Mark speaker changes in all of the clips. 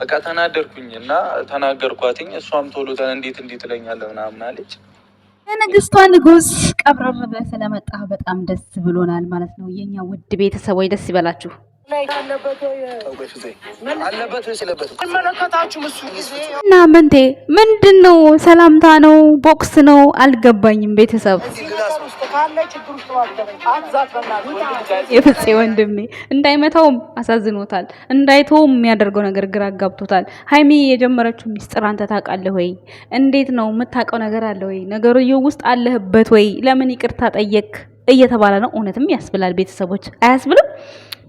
Speaker 1: በቃ ተናደርኩኝ እና ተናገርኳትኝ። እሷም ቶሎ እንዴት እንዴት ትለኛለህ ምናምን አለች።
Speaker 2: የንግስቷ ንጉስ ቀብረር ብለህ ስለመጣህ በጣም ደስ ብሎናል ማለት ነው። የኛ ውድ
Speaker 3: ቤተሰቦች ደስ ይበላችሁ። እና ምንቴ ምንድን ነው? ሰላምታ ነው? ቦክስ ነው? አልገባኝም። ቤተሰብ የፍፄ ወንድሜ እንዳይመታውም አሳዝኖታል። እንዳይተውም የሚያደርገው ነገር ግራ አጋብቶታል። ሀይሚ የጀመረችው ሚስጥር አንተ ታውቃለህ ወይ? እንዴት ነው የምታውቀው ነገር አለ ወይ? ነገርየው ውስጥ አለህበት ወይ? ለምን ይቅርታ ጠየቅ እየተባለ ነው። እውነትም ያስብላል። ቤተሰቦች አያስብልም?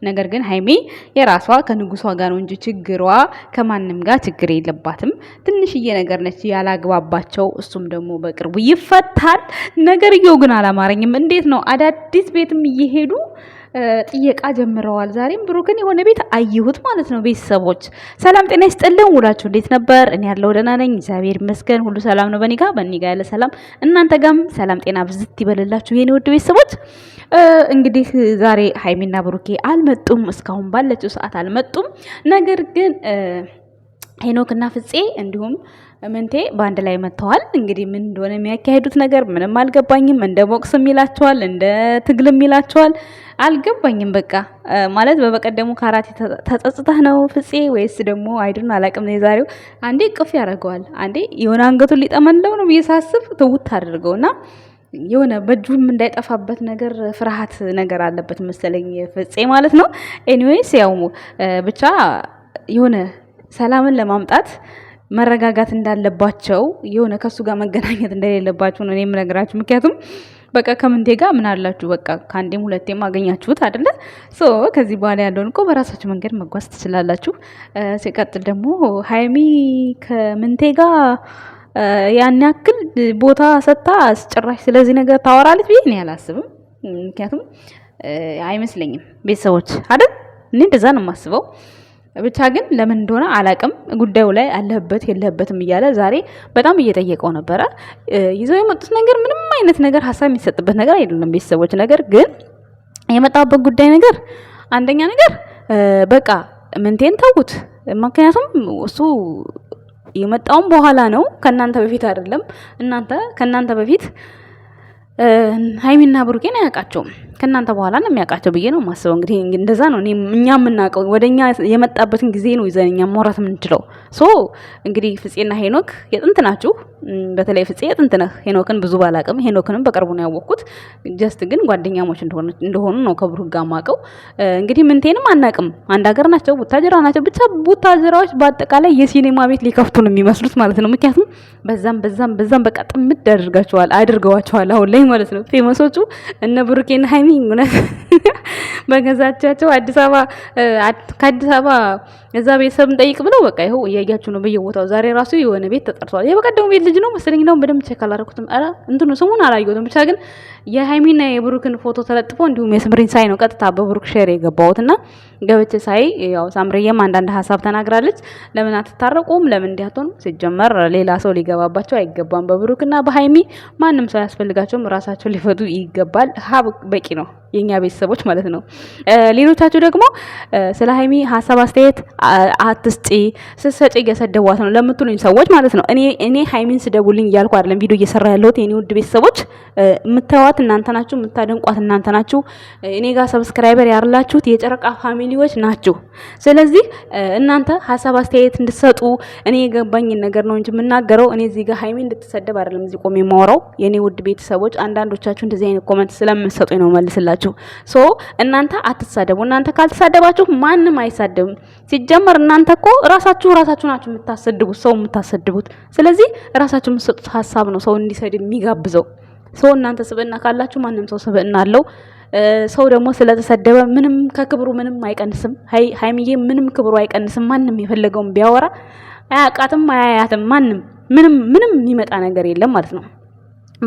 Speaker 3: ነገር ግን ሀይሜ የራሷ ከንጉሷ ጋር ነው እንጂ ችግሯ ከማንም ጋር ችግር የለባትም። ትንሽዬ ነገር ነች ያላግባባቸው። እሱም ደግሞ በቅርቡ ይፈታል። ነገርየው ግን አላማረኝም። እንዴት ነው አዳዲስ ቤትም እየሄዱ ጥየቃ ጀምረዋል። ዛሬም ብሩክን የሆነ ቤት አየሁት ማለት ነው። ቤተሰቦች ሰላም ጤና ይስጥልን። ውላችሁ እንዴት ነበር? እኔ ያለው ደህና ነኝ፣ እግዚአብሔር ይመስገን። ሁሉ ሰላም ነው በኔ ጋር፣ በኔ ጋር ያለ ሰላም፣ እናንተ ጋም ሰላም ጤና ብዝት ይበልላችሁ የኔ ውድ ቤተሰቦች። እንግዲህ ዛሬ ሀይሚና ብሩኬ አልመጡም፣ እስካሁን ባለችው ሰዓት አልመጡም። ነገር ግን ሄኖክና ፍፄ እንዲሁም ምንቴ በአንድ ላይ መጥተዋል። እንግዲህ ምን እንደሆነ የሚያካሄዱት ነገር ምንም አልገባኝም። እንደ ቦክስም ይላቸዋል፣ እንደ ትግልም ይላቸዋል። አልገባኝም። በቃ ማለት በበቀደሙ ከአራት ተጸጽተህ ነው ፍፄ ወይስ ደግሞ አይዱን አላቅም። የዛሬው አንዴ ቅፍ ያደርገዋል፣ አንዴ የሆነ አንገቱን ሊጠመለው ነው ብዬ ሳስብ ትውት አድርገውና የሆነ በእጁም እንዳይጠፋበት ነገር ፍርሃት ነገር አለበት መሰለኝ ፍፄ ማለት ነው። ኤኒዌይስ ያው ብቻ የሆነ ሰላምን ለማምጣት መረጋጋት እንዳለባቸው የሆነ ከሱ ጋር መገናኘት እንደሌለባቸው ነው እኔም ምክንያቱም በቃ ከምንቴ ጋር ምን አላችሁ? በቃ ከአንዴም ሁለቴም አገኛችሁት አደለ? ሶ ከዚህ በኋላ ያለውን እኮ በራሳችሁ መንገድ መጓዝ ትችላላችሁ። ሲቀጥል ደግሞ ሀይሚ ከምንቴ ጋር ያን ያክል ቦታ ሰጥታ አስጨራሽ ስለዚህ ነገር ታወራለች ብዬ እኔ አላስብም። ምክንያቱም አይመስለኝም ቤተሰቦች አይደል እኔ እንደዛ ነው የማስበው። ብቻ ግን ለምን እንደሆነ አላቅም። ጉዳዩ ላይ አለህበት የለህበትም እያለ ዛሬ በጣም እየጠየቀው ነበረ። ይዘው የመጡት ነገር ምንም አይነት ነገር ሀሳብ የሚሰጥበት ነገር አይደለም ቤተሰቦች። ነገር ግን የመጣበት ጉዳይ ነገር አንደኛ ነገር በቃ ምንቴን ተውት። ምክንያቱም እሱ የመጣውም በኋላ ነው፣ ከእናንተ በፊት አይደለም። እናንተ ከእናንተ በፊት ሀይሚና ብሩኬን አያውቃቸውም። ከእናንተ በኋላ ነው የሚያውቃቸው ብዬ ነው ማስበው እንግዲህ እንደዛ ነው እኛ የምናውቀው፣ ወደ እኛ የመጣበትን ጊዜ ነው ይዘን እኛ ማውራት የምንችለው። ሶ እንግዲህ ፍፄና ሄኖክ የጥንት ናችሁ። በተለይ ፍፄ የጥንት ነህ። ሄኖክን ብዙ ባላቅም ሄኖክንም በቅርቡ ነው ያወቅኩት። ጀስት ግን ጓደኛሞች እንደሆኑ ነው ከብሩክ ጋር እንግዲህ ምንቴንም አናቅም። አንድ ሀገር ናቸው፣ ቡታጅራ ናቸው። ብቻ ቡታጅራዎች በአጠቃላይ የሲኔማ ቤት ሊከፍቱ ነው የሚመስሉት ማለት ነው። ምክንያቱም በዛም በዛም በዛም በቃ ጥምድ አድርጋቸዋል አድርገዋቸዋል አሁን ላይ ማለት ነው ፌመሶቹ እነ ብሩኬና ሀይሚ ገረመኝ እውነት በገዛቻቸው አዲስ አበባ ከአዲስ አበባ እዛ ቤተሰብ እንጠይቅ ብለው በቃ ይኸው እያያችሁ ነው በየቦታው። ዛሬ ራሱ የሆነ ቤት ተጠርቷል። የበቀደሙ ቤት ልጅ ነው መሰለኝ ነው በደምብ ቼክ አላደረኩትም። ኧረ እንትኑ ስሙን አላየሁትም ብቻ ግን የሀይሚና የብሩክን ፎቶ ተለጥፎ እንዲሁም የስምሪን ሳይ ነው ቀጥታ በብሩክ ሼር የገባሁት እና ገብቼ ሳይ ያው ሳምሬየም አንዳንድ ሀሳብ ተናግራለች። ለምን አትታረቁም? ለምን እንዲህ ሲጀመር ሌላ ሰው ሊገባባቸው አይገባም። በብሩክና በሀይሚ ማንም ሰው ያስፈልጋቸውም ራሳቸው ሊፈቱ ይገባል። ሀብ በቂ ነው የኛ ቤተሰቦች ማለት ነው። ሌሎቻችሁ ደግሞ ስለ ሀይሚ ሀሳብ አስተያየት አትስጪ፣ ስትሰጪ እየሰደቧት ነው ለምትሉኝ ሰዎች ማለት ነው እኔ እኔ ሀይሚን ስደቡልኝ እያልኩ አይደለም ቪዲዮ እየሰራ ያለሁት የኔ ውድ ቤተሰቦች የምታዩዋት የምታደንቋት እናንተ ናችሁ፣ የምታደንቋት እናንተ ናችሁ። እኔ ጋር ሰብስክራይበር ያላችሁት የጨረቃ ፋሚሊዎች ናችሁ። ስለዚህ እናንተ ሀሳብ አስተያየት እንድትሰጡ እኔ የገባኝን ነገር ነው እንጂ የምናገረው እኔ እዚህ ጋር ሀይሜ እንድትሰደብ አይደለም እዚህ ቆሜ የማወራው። የእኔ ውድ ቤተሰቦች አንዳንዶቻችሁ እንደዚህ አይነት ኮመንት ስለምትሰጡኝ ነው መልስላችሁ። ሶ እናንተ አትሳደቡ። እናንተ ካልተሳደባችሁ ማንም አይሳደብም። ሲጀመር እናንተ እኮ ራሳችሁ ራሳችሁ ናችሁ የምታሰድቡት ሰው የምታሰድቡት። ስለዚህ ራሳችሁ የምትሰጡት ሀሳብ ነው ሰው እንዲሰድብ የሚጋብዘው። ሰው እናንተ ስብዕና ካላችሁ ማንም ሰው ስብዕና አለው። ሰው ደግሞ ስለተሰደበ ምንም ከክብሩ ምንም አይቀንስም። ሀይሚዬ ምንም ክብሩ አይቀንስም። ማንም የፈለገውን ቢያወራ አያውቃትም፣ አያያትም። ማንም ምንም ምንም የሚመጣ ነገር የለም ማለት ነው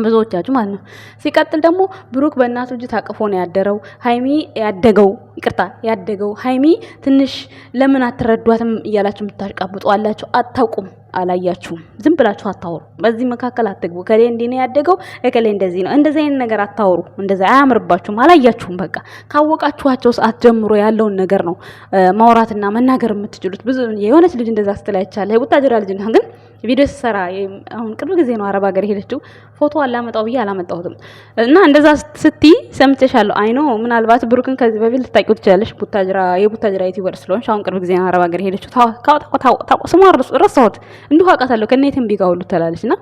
Speaker 3: ብዙዎቻችሁ ማለት ነው። ሲቀጥል ደግሞ ብሩክ በእናቱ እጅ ታቅፎ ነው ያደረው። ሀይሚ ያደገው ይቅርታ ያደገው ሀይሚ ትንሽ ለምን አትረዷትም እያላችሁ የምታሽቃብጡ አላችሁ። አታውቁም አላያችሁም። ዝም ብላችሁ አታወሩ። በዚህ መካከል አትግቡ። እከሌ እንዲህ ነው ያደገው፣ እከሌ እንደዚህ ነው፣ እንደዚህ አይነት ነገር አታወሩ። እንደዛ አያምርባችሁም። አላያችሁም። በቃ ካወቃችኋቸው ሰዓት ጀምሮ ያለውን ነገር ነው ማውራትና መናገር የምትችሉት። ብዙ የሆነች ልጅ እንደዛ ስትል አይቻለሁ። የቡታጅራ ልጅ ግን ቪዲዮ ስሰራ አሁን ቅርብ ጊዜ ነው አረብ ሀገር ሄደችው። ፎቶ አላመጣው ብዬ አላመጣሁትም እና እንደዛ ስቲ ሰምቸሻለሁ አይ አይኖ ምናልባት ብሩክን ከዚህ በፊት ልታቂው ትችላለሽ። ቡታጅራ የቡታጅራ ዩቲበር ስለሆን አሁን ቅርብ ጊዜ ነው አረብ ሀገር ሄደችው። ታውቆ ስሟ ረሳሁት እንዲሁ አውቃታለሁ ከእነ የትንቢ ሁሉ ትላለች እና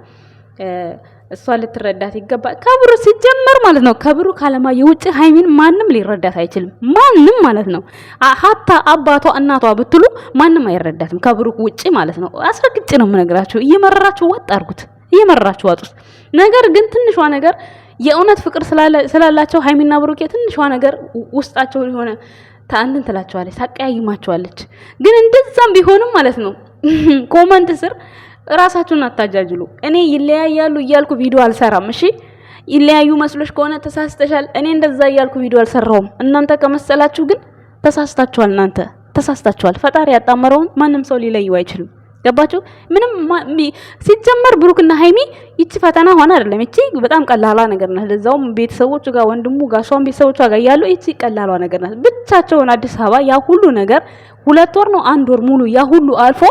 Speaker 3: እሷ ልትረዳት ይገባል። ከብሩ ሲጀመር ማለት ነው። ከብሩ ካለማ ውጭ ሀይሚን ማንም ሊረዳት አይችልም። ማንም ማለት ነው። ሀታ አባቷ እናቷ ብትሉ ማንም አይረዳትም ከብሩ ውጭ ማለት ነው። አስረግጭ ነው የምነግራችሁ። እየመረራችሁ ወጥ አርጉት እየመረራችሁ ዋጡት። ነገር ግን ትንሿ ነገር የእውነት ፍቅር ስላላቸው ሀይሚና ብሩኬ ትንሿ ነገር ውስጣቸው የሆነ ታንትን ትላቸዋለች፣ ታቀያይማቸዋለች። ግን እንደዛም ቢሆንም ማለት ነው ኮመንት ስር እራሳችሁን አታጃጅሉ። እኔ ይለያያሉ እያልኩ ቪዲዮ አልሰራም። እሺ ይለያዩ መስሎች ከሆነ ተሳስተሻል። እኔ እንደዛ እያልኩ ቪዲዮ አልሰራውም። እናንተ ከመሰላችሁ ግን ተሳስታችኋል። እናንተ ተሳስታችኋል። ፈጣሪ ያጣመረውን ማንም ሰው ሊለዩ አይችልም። ገባችሁ? ምንም ሲጀመር ብሩክና ሃይሚ ይቺ ፈተና ሆነ አይደለም። ይቺ በጣም ቀላሏ ነገር ናት። ለዛውም ቤተሰቦቹ ጋር ወንድሙ ጋር እሷም ቤተሰቦቿ ጋር ያሉ ይቺ ቀላሏ ነገር ናት። ብቻቸውን አዲስ አበባ ያ ሁሉ ነገር ሁለት ወር ነው አንድ ወር ሙሉ ያ ሁሉ አልፎ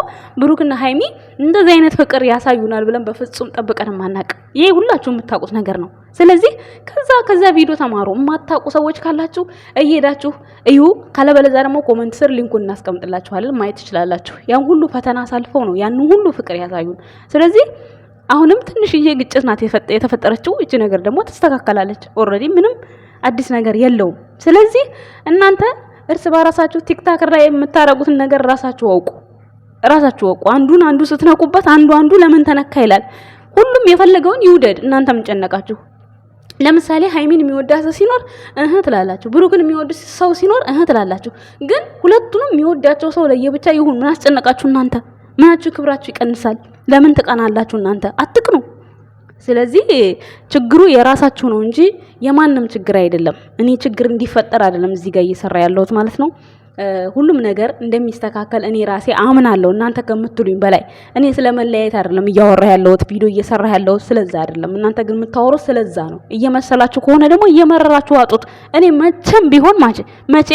Speaker 3: ብሩክና ሃይሚ እንደዚህ አይነት ፍቅር ያሳዩናል ብለን በፍጹም ጠብቀን ማናቅ። ይሄ ሁላችሁ የምታውቁት ነገር ነው። ስለዚህ ከዛ ከዛ ቪዲዮ ተማሩ። የማታውቁ ሰዎች ካላችሁ እየሄዳችሁ እዩ። ካለበለዛ ደግሞ ኮመንት ስር ሊንኩን እናስቀምጥላችኋለን ማየት ትችላላችሁ። ያን ሁሉ ፈተና አሳልፈው ነው ያን ሁሉ ፍቅር ያሳዩን። ስለዚህ አሁንም ትንሽዬ ግጭት ናት የተፈጠረችው። እቺ ነገር ደግሞ ትስተካከላለች። ኦልሬዲ ምንም አዲስ ነገር የለውም። ስለዚህ እናንተ እርስ በራሳችሁ ቲክታክ ላይ የምታረጉትን ነገር ራሳችሁ አውቁ፣ ራሳችሁ አውቁ። አንዱን አንዱ ስትነቁበት አንዱ አንዱ ለምን ተነካ ይላል። ሁሉም የፈለገውን ይውደድ። እናንተ ምን ጨነቃችሁ? ለምሳሌ ሀይሚን የሚወዳ ሰው ሲኖር እህ ትላላችሁ፣ ብሩክን የሚወድ ሰው ሲኖር እህ ትላላችሁ። ግን ሁለቱንም የሚወዳቸው ሰው ለየብቻ ይሁን። ምን አስጨነቃችሁ እናንተ? ምናችሁ ክብራችሁ ይቀንሳል? ለምን ትቀናላችሁ እናንተ? አትቅኑ። ስለዚህ ችግሩ የራሳችሁ ነው እንጂ የማንም ችግር አይደለም። እኔ ችግር እንዲፈጠር አይደለም እዚህ ጋር እየሰራ ያለሁት ማለት ነው። ሁሉም ነገር እንደሚስተካከል እኔ ራሴ አምናለሁ። እናንተ ከምትሉኝ በላይ እኔ ስለ መለያየት አይደለም እያወራ ያለሁት፣ ቪዲዮ እየሰራ ያለሁት ስለዛ አይደለም። እናንተ ግን የምታወሩት ስለዛ ነው። እየመሰላችሁ ከሆነ ደግሞ እየመረራችሁ አጡት። እኔ መቼም ቢሆን መቼ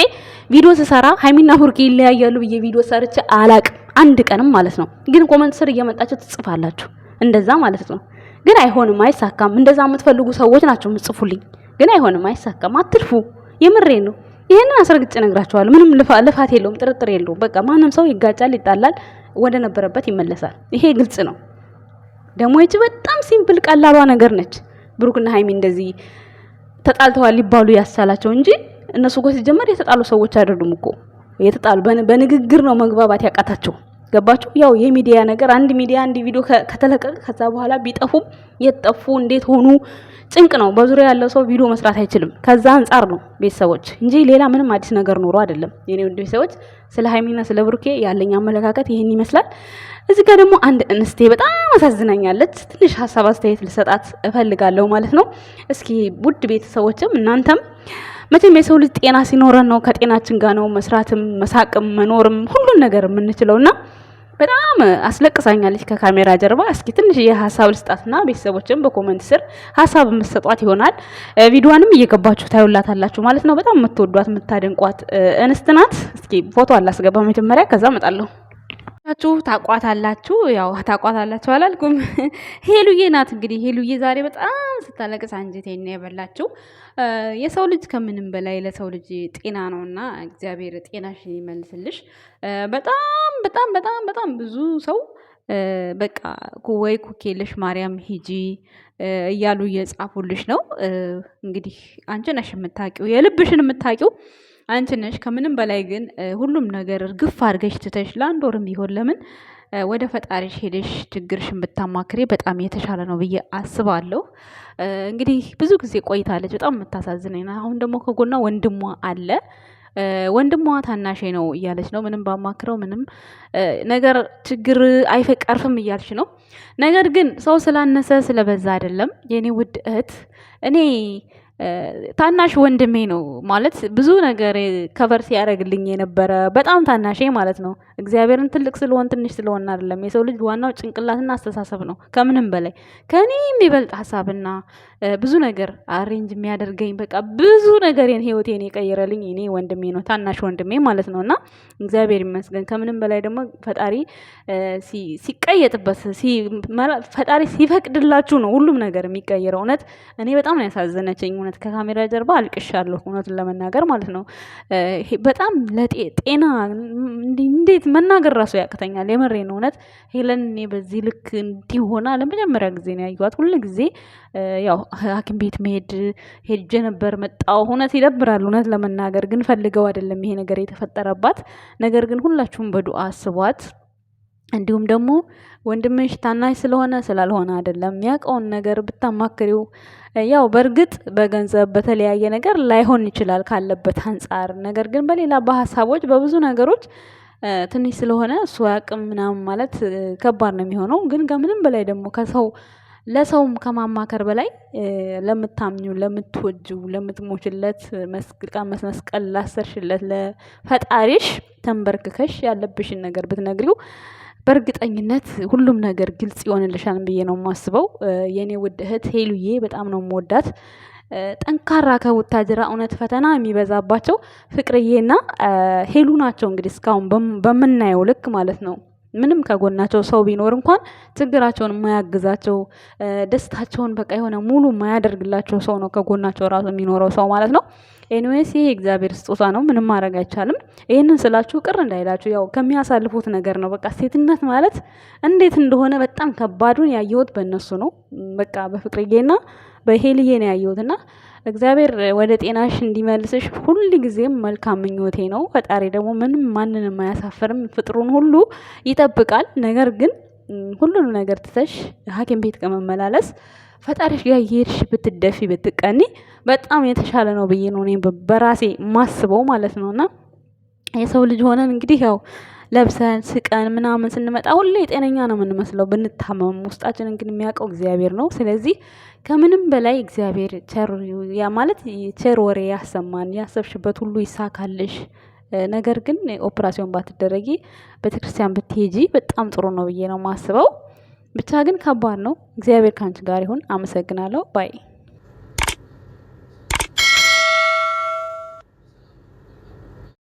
Speaker 3: ቪዲዮ ስሰራ ሀይሚና ቡርኬ ይለያያሉ ብዬ ቪዲዮ ሰርች አላቅ አንድ ቀንም ማለት ነው። ግን ኮመንት ስር እየመጣችሁ ትጽፋላችሁ፣ እንደዛ ማለት ነው። ግን አይሆንም፣ አይሳካም። እንደዛ የምትፈልጉ ሰዎች ናቸው ምጽፉልኝ። ግን አይሆንም፣ አይሳካም። አትልፉ፣ የምሬ ነው። ይህንን አስረግጭ ነግራቸዋለሁ። ምንም ልፋት የለውም፣ ጥርጥር የለውም። በቃ ማንም ሰው ይጋጫል፣ ይጣላል፣ ወደ ነበረበት ይመለሳል። ይሄ ግልጽ ነው። ደግሞ ይቺ በጣም ሲምፕል ቀላሏ ነገር ነች። ብሩክና ሀይሚ እንደዚህ ተጣልተዋል ሊባሉ ያሳላቸው እንጂ እነሱ እኮ ሲጀመር የተጣሉ ሰዎች አይደሉም እኮ የተጣሉ በንግግር ነው መግባባት ያቃታቸው። ገባችሁ? ያው የሚዲያ ነገር አንድ ሚዲያ አንድ ቪዲዮ ከተለቀቀ ከዛ በኋላ ቢጠፉም የጠፉ እንዴት ሆኑ ጭንቅ ነው። በዙሪያ ያለው ሰው ቪዲዮ መስራት አይችልም። ከዛ አንጻር ነው ቤተሰቦች እንጂ ሌላ ምንም አዲስ ነገር ኖሮ አይደለም። የኔ ውድ ቤተሰቦች ስለ ሀይሚና ስለ ብሩኬ ያለኝ አመለካከት ይህን ይመስላል። እዚህ ጋር ደግሞ አንድ እንስቴ በጣም አሳዝናኛለች። ትንሽ ሀሳብ አስተያየት ልሰጣት እፈልጋለሁ ማለት ነው። እስኪ ውድ ቤተሰቦችም እናንተም መቼም የሰው ልጅ ጤና ሲኖረን ነው ከጤናችን ጋር ነው መስራትም መሳቅም መኖርም ሁሉን ነገር የምንችለውና በጣም አስለቅሳኛለች ከካሜራ ጀርባ። እስኪ ትንሽ የሀሳብ ልስጣትና ቤተሰቦችን በኮመንት ስር ሀሳብ የምትሰጧት ይሆናል። ቪዲዮዋንም እየገባችሁ ታዩላታላችሁ ማለት ነው። በጣም የምትወዷት የምታደንቋት እንስት ናት። እስኪ ፎቶ አላስገባ መጀመሪያ፣ ከዛ እመጣለሁ። ቻችሁ ታቋታላችሁ፣ ያው ታቋታላችሁ አላልኩም። ሄሉዬ ናት እንግዲህ። ሄሉዬ ዛሬ በጣም ስታለቅስ አንጀቴን የበላችው የሰው ልጅ ከምንም በላይ ለሰው ልጅ ጤና ነውና እግዚአብሔር ጤናሽን ይመልስልሽ። በጣም በጣም በጣም በጣም ብዙ ሰው በቃ ወይ ኩኬልሽ ማርያም ሂጂ እያሉ እየጻፉልሽ ነው። እንግዲህ አንቺ ነሽ የምታውቂው የልብሽን የምታውቂው አንቺ ነሽ። ከምንም በላይ ግን ሁሉም ነገር እርግፍ አድርገሽ ትተሽ ለአንድ ወርም ይሆን ለምን ወደ ፈጣሪሽ ሄደሽ ችግርሽን ብታማክሬ በጣም የተሻለ ነው ብዬ አስባለሁ። እንግዲህ ብዙ ጊዜ ቆይታለች። በጣም የምታሳዝነኝ አሁን ደግሞ ከጎና ወንድሟ አለ። ወንድሟ ታናሼ ነው እያለች ነው። ምንም ባማክረው ምንም ነገር ችግር አይፈቀርፍም እያልች ነው። ነገር ግን ሰው ስላነሰ ስለበዛ አይደለም የኔ ውድ እህት እኔ ታናሽ ወንድሜ ነው ማለት ብዙ ነገር ከቨር ሲያደርግልኝ የነበረ በጣም ታናሽ ማለት ነው። እግዚአብሔርን ትልቅ ስለሆን ትንሽ ስለሆን አይደለም። የሰው ልጅ ዋናው ጭንቅላትና አስተሳሰብ ነው። ከምንም በላይ ከኔ የሚበልጥ ሀሳብና ብዙ ነገር አሬንጅ የሚያደርገኝ በቃ ብዙ ነገሬን ህይወቴን የቀየረልኝ እኔ ወንድሜ ነው፣ ታናሽ ወንድሜ ማለት ነው። እና እግዚአብሔር ይመስገን። ከምንም በላይ ደግሞ ፈጣሪ ሲቀየጥበት ፈጣሪ ሲፈቅድላችሁ ነው ሁሉም ነገር የሚቀየረው። እውነት እኔ በጣም ነው ያሳዘነችኝ። እውነት ከካሜራ ጀርባ አልቅሻለሁ፣ እውነትን ለመናገር ማለት ነው። በጣም ለጤና እንዴት መናገር ራሱ ያቅተኛል። የመሬን እውነት ሄለን እኔ በዚህ ልክ እንዲሆና ለመጀመሪያ ጊዜ ነው ያየኋት። ሁሉ ጊዜ ያው ሐኪም ቤት መሄድ ሄጄ ነበር መጣሁ። እውነት ይደብራል፣ እውነት ለመናገር ግን ፈልገው አይደለም ይሄ ነገር የተፈጠረባት ነገር ግን ሁላችሁም በዱአ አስቧት። እንዲሁም ደግሞ ወንድምሽ ታናሽ ስለሆነ ስላልሆነ አይደለም የሚያውቀውን ነገር ብታማክሪው። ያው በእርግጥ በገንዘብ በተለያየ ነገር ላይሆን ይችላል ካለበት አንጻር፣ ነገር ግን በሌላ በሀሳቦች በብዙ ነገሮች ትንሽ ስለሆነ እሱ አያውቅም ምናምን ማለት ከባድ ነው የሚሆነው። ግን ከምንም በላይ ደግሞ ከሰው ለሰውም ከማማከር በላይ ለምታምኙ፣ ለምትወጁ፣ ለምትሞችለት መስቀል ላሰርሽለት ለፈጣሪሽ ተንበርክከሽ ያለብሽን ነገር ብትነግሪው በእርግጠኝነት ሁሉም ነገር ግልጽ ይሆንልሻል ብዬ ነው የማስበው። የእኔ ውድ እህት ሄሉዬ በጣም ነው የምወዳት። ጠንካራ ከውታጅራ እውነት ፈተና የሚበዛባቸው ፍቅርዬና ሄሉ ናቸው። እንግዲህ እስካሁን በምናየው ልክ ማለት ነው። ምንም ከጎናቸው ሰው ቢኖር እንኳን ችግራቸውን የማያግዛቸው ደስታቸውን በቃ የሆነ ሙሉ የማያደርግላቸው ሰው ነው ከጎናቸው ራሱ የሚኖረው ሰው ማለት ነው። ኤኒዌይስ ይሄ እግዚአብሔር ስጦታ ነው፣ ምንም ማድረግ አይቻልም። ይህንን ስላችሁ ቅር እንዳይላችሁ፣ ያው ከሚያሳልፉት ነገር ነው። በቃ ሴትነት ማለት እንዴት እንደሆነ በጣም ከባዱን ያየሁት በእነሱ ነው። በቃ በፍቅርዬና በሄልዬ ነው ያየሁትና እግዚአብሔር ወደ ጤናሽ እንዲመልስሽ ሁል ጊዜም መልካም ምኞቴ ነው። ፈጣሪ ደግሞ ምንም ማንንም አያሳፍርም፣ ፍጥሩን ሁሉ ይጠብቃል። ነገር ግን ሁሉንም ነገር ትተሽ ሐኪም ቤት ከመመላለስ ፈጣሪሽ ጋር የሄድሽ ብትደፊ ብትቀኒ በጣም የተሻለ ነው ብዬ ነው እኔ በራሴ ማስበው ማለት ነውና የሰው ልጅ ሆነን እንግዲህ ያው ለብሰን ስቀን ምናምን ስንመጣ ሁሌ ጤነኛ ነው የምንመስለው ብንታመም። ውስጣችንን ግን የሚያውቀው እግዚአብሔር ነው። ስለዚህ ከምንም በላይ እግዚአብሔር ቸር ማለት ቸር ወሬ ያሰማን። ያሰብሽበት ሁሉ ይሳካልሽ። ነገር ግን ኦፕራሲዮን ባትደረጊ ቤተክርስቲያን ብትሄጂ በጣም ጥሩ ነው ብዬ ነው ማስበው ብቻ ግን ከባድ ነው። እግዚአብሔር ከአንቺ ጋር ይሁን። አመሰግናለሁ ባይ